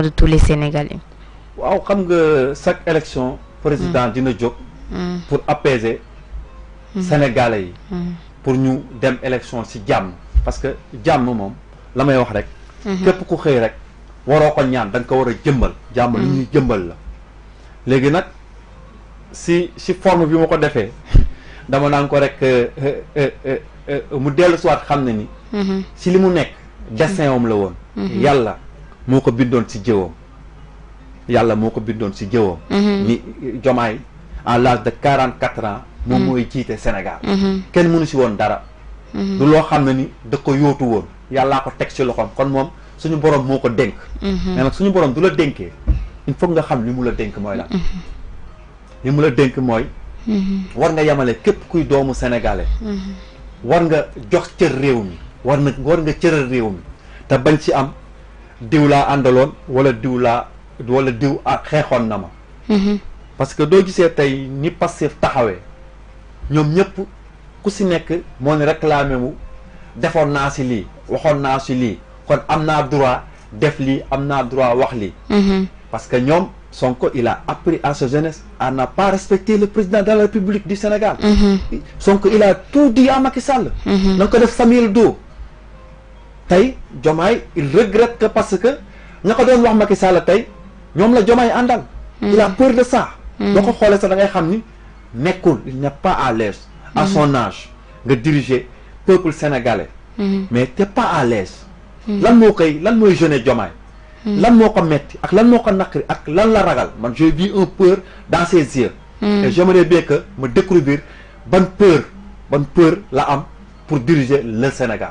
de tous les Sénégalais. waaw chaque élection président mm. mm. pour apaiser. Mm. Sénégalais pour nous dem élection si parce que moment la meilleure wax que mm-hmm. pour si si forme bi encore euh, euh, euh, si mm-hmm. les mm-hmm. monnaies, moo ko bindoon si jëwam yàlla moo ko bindoon si jëwam mm-hmm. ni jomaay à l'âge de quarante quatre ans moom mm-hmm. mooy jiite Sénégal mm-hmm. kenn mënu ci woon dara du loo xam ne ni da ko yóotu woon yàllaa ko teg ci loxoom kon moom suñu borom moo ko dénk mais nag suñu borom du la dénkee il faut nga xam li mu la dénk mooy lan li mu la dénk mooy war nga yemale képp kuy doomu sénégalais war nga jox cër réew mi war na war nga cëral réew mi te bañ si am diwla la wala diwla wala diw ak xeexoon na mhm. parce que do gisee tay ni pas taxawé ñom ñep ku si n'est que ni réclamé mu defoon na ci li waxon na ci li kon amna droit def li amna droit wax hmm parce que ñom Sonko il a appris à sa jeunesse à n'a pas respecté le président de la République du Sénégal mhm. Sonko il a tout dit à Macky Sall mhm. na ko def Samuel Do tey Diomaye il regrette que parce que ña ko doon wax Macky Sall tey ñoom la Diomaye àndal. Hmm. il a de ça. Hmm. boo ko xoolee sax da ngay xam ni nekkul il n'est pas à l'aise à hmm. son âge nga diriger peuple sénégalais. mais t'es pas à l'aise lan moo koy lan mooy jeune Diomaye. lan moo ko metti ak lan moo ko naqari ak lan la ragal man je vis un peur dans ses yeux. et j'aimerais bien que ma découvrir ban peur ban peur la am pour diriger le Sénégal.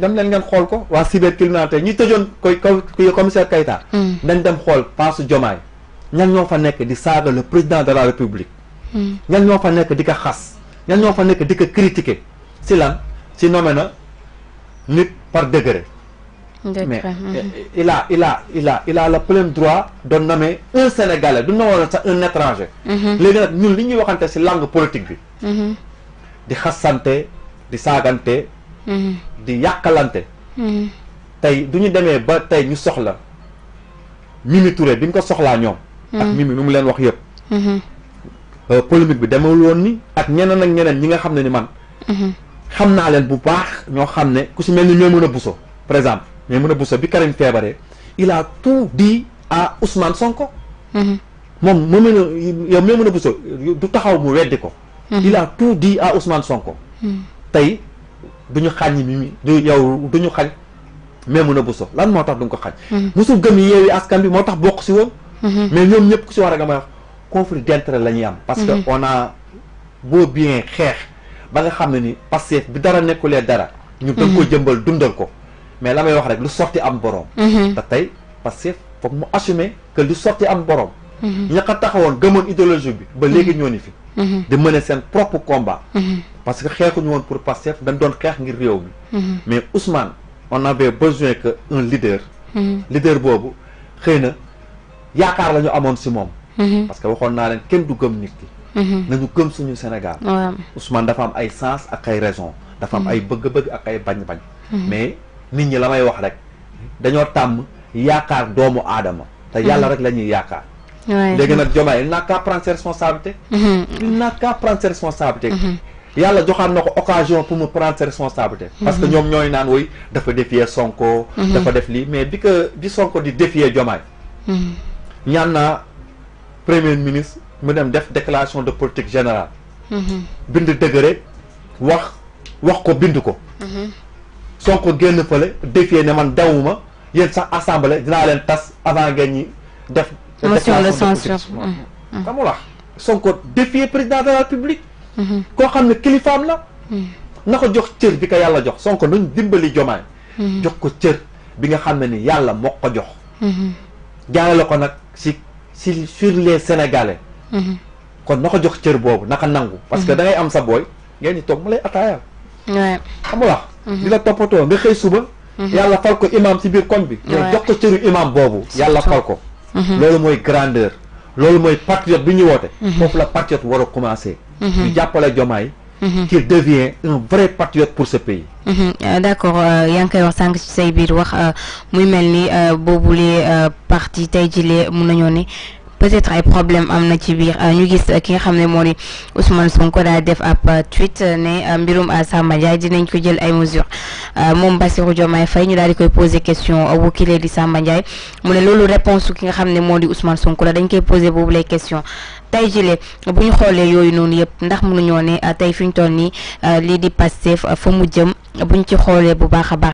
dem leen ngeen xol ko waa cybercriminalité ñu tëjoon koy koy commissaire Kayta hmm. dañ dem xol paasu Jomaay ñan ñoo fa nekk di saaga le président de la république hmm. ñan ñoo fa nekk di ko xass ñan ñoo fa nekk di ko critiquer si lan si nomena nit par degré mais hmm. eh, il a il a il a il a le plein droit de nommer un sénégalais du nommer un étranger les gars ñun li ñuy waxante ci langue politique bi di xassante di saganté Mm-hmm. di yàqalante mm-hmm. tey du ñu demee ba tey ñu soxla Mimi Touré bi ñu ko soxlaa ñoom ak mm-hmm. Mimi mi mu leen wax yëpp euh, polémique bi demewul woon ni ak ñeneen ak ñeneen ñi nga xam ne ni man xam naa leen bu baax ñoo xam ne ku si mel ni ñooy mën a buso par exemple ñooy mën a buso bi Karim feebaree il a di a usmaan Sonko moom moo mën a yow mën a buso du taxaw mu weddi ko il a tout dit à Sonko tey du ñu xàññi Mimi du yow du ñu xañ Maimouna Bousso lan moo tax du nga ko xañ mosul mm-hmm. gëm Yewwi Askan Wi moo tax bokk si woon mm-hmm. mais ñoom ñëpp ku si a nga may wax conflit d'intérêt am parce que mm-hmm. on a beau bien xeex ba nga xam ne ni Pastef bi dara nekkulee dara ñu da ko jëmbal dundal ko mais la may wax rek lu sorti am borom te tey Pastef foog mu assumer que lu sorti am borom ña ko taxawoon gëmoon idéologie bi ba léegi ñoo ni fi di mener seen propre combat parce que xeexuñu woon pour Pastef dañ doon xeex ngir réew mhm. mais Ousmane on avait besoin que un leader mhm. leader boobu xëy a yaakaar la ñu amoon mhm. parce que waxoon naa leen kenn du gëm nit ki nañu gëm suñu Sénégal Ousmane dafa am ay sens ak ay raison dafa am ay bëgg-bëgg ak ay bañ-bañ mais nit ñi la may wax rek dañoo tàmm yaakaar doomu adam te yàlla rek la ñuy yaakaar léegi nag Diomaye il n'a qu'à prendre ses responsabilités il n'a qu'à prendre ses responsabilités yàlla joxaat na ko occasion pour mu prendre ses responsabilités. parce que mhm. ñoom ñooy naan woy dafa défier Sonko. Mhm. dafa def lii mais bi que bi Sonko di défier y mhm. ñaan naa premier ministre mu dem def déclaration de politique générale. bind décret wax wax ko bind ko. Sonko génn fële défier ne man dawuma yéen sax assemblée dinaa leen tas avant ngeen ñi def. motion de déclaration de politique xam Sonko défier président de la République. koo xam ne kilifaam la hmm. na ko jox cër bi ko yàlla jox Sonko nañ dimbali jomaay hmm. jox ko cër bi nga xam ne ni yàlla moo ko jox hmm. jaarale ko nag si si sur les sénégalais kon na ko jox cër boobu naka nangu parce que da am sa booy ngeen di toog mu lay ataayal xam nga di la toppatoo nga xëy suba yàlla fal ko imam si biir koñ bi ñow jox ko cëru imam boobu yàlla fal ko loolu mooy grandeur loolu mooy patriote bi ñu woote foofu la patriote war a commencer pour mm-hmm. jàppale Diomaye mm-hmm. qui devient un vrai patriote pour ce pays mm-hmm. euh, d'accord euh, yaa ngi koy wax sang ci wax euh, muy mel ni boobule parti tey jile peut-être ay problème am na ci biir euh, ñu gis euh, ki nga xam ne moo di Ousmane Sonko daa def ab euh, tweet ne mbirum Samba Ndiaye dinañ ko jël ay mesures moom Bassirou Diomaye fay ñu daal di koy poser question wu wukkile di Samba Ndiaye mu ne loolu réponse ki nga xam ne moo di Ousmane Sonko la dañ koy poser boobu lay question tey jile bu ñu xoolee yooyu noonu yëpp ndax mënuñoo ne tey fi ñu toll nii lii di Pastef fa mu jëm buñ ci xoolee bu baax a baax.